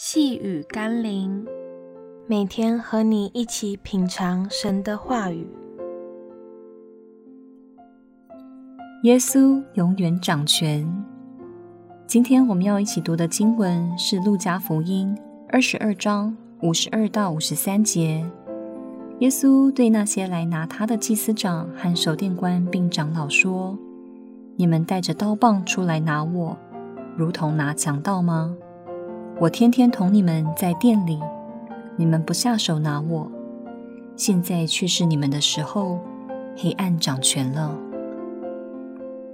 細雨甘霖，每天和你一起品嘗神的話語。耶穌永遠掌權。今天我們要一起讀的經文是《路加福音》二十二章五十二到五十三節。耶穌對那些來拿他的祭司長和守殿官並長老說：“你們帶着刀棒出來拿我，如同拿強盜嗎？”我天天同你們在殿裡，你們不下手拿我。現在卻是你們的時候，黑暗掌權了。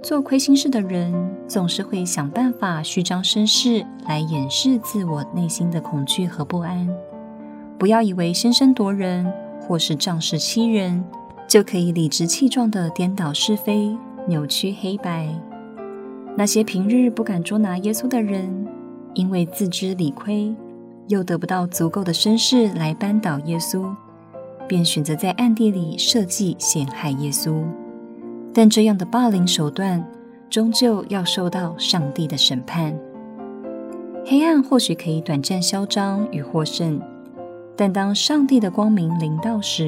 做虧心事的人，總是會想辦法虛張聲勢來掩飾自我內心的恐懼和不安。不要以為先聲奪人或是仗勢欺人，就可以理直氣壯地顛倒是非、扭曲黑白。那些平日不敢捉拿耶穌的人，因為自知理虧，又得不到足夠的聲勢來扳倒耶穌，便選擇在暗地裡設計陷害耶穌。但這樣的霸凌手段，終究要受到上帝的審判。黑暗或許可以短暫囂張與獲勝，但當上帝的光明臨到時，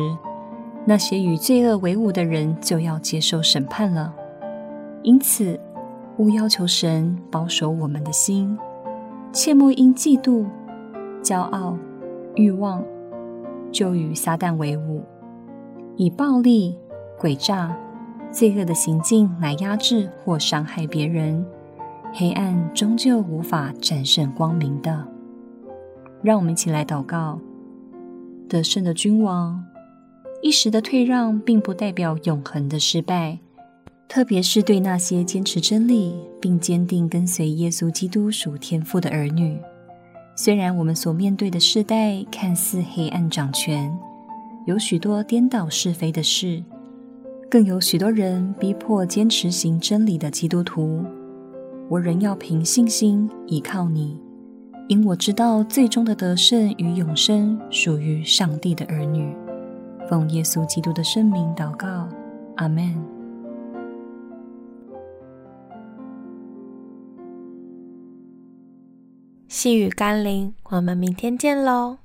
那些與罪惡為伍的人就要接受審判了。因此，務要求神保守我們的心。切莫因嫉妒、驕傲、慾望，就與撒但為伍，以暴力、詭詐、罪惡的行徑來壓制或傷害別人。黑暗終究無法戰勝光明的。讓我們一起來禱告：得勝的君王，一時的退讓，並不代表永恆的失敗。特別是對那些堅持真理並堅定跟隨耶穌基督屬天父的兒女，雖然我們所面對的世代看似黑暗掌權，有許多顛倒是非的事，更有許多人逼迫堅持行真理的基督徒，我仍要憑信心依靠你，因我知道最終的得勝與永生屬於上帝的兒女。奉耶穌基督的聖名禱告，阿們！細語甘霖，我們明天見嘍。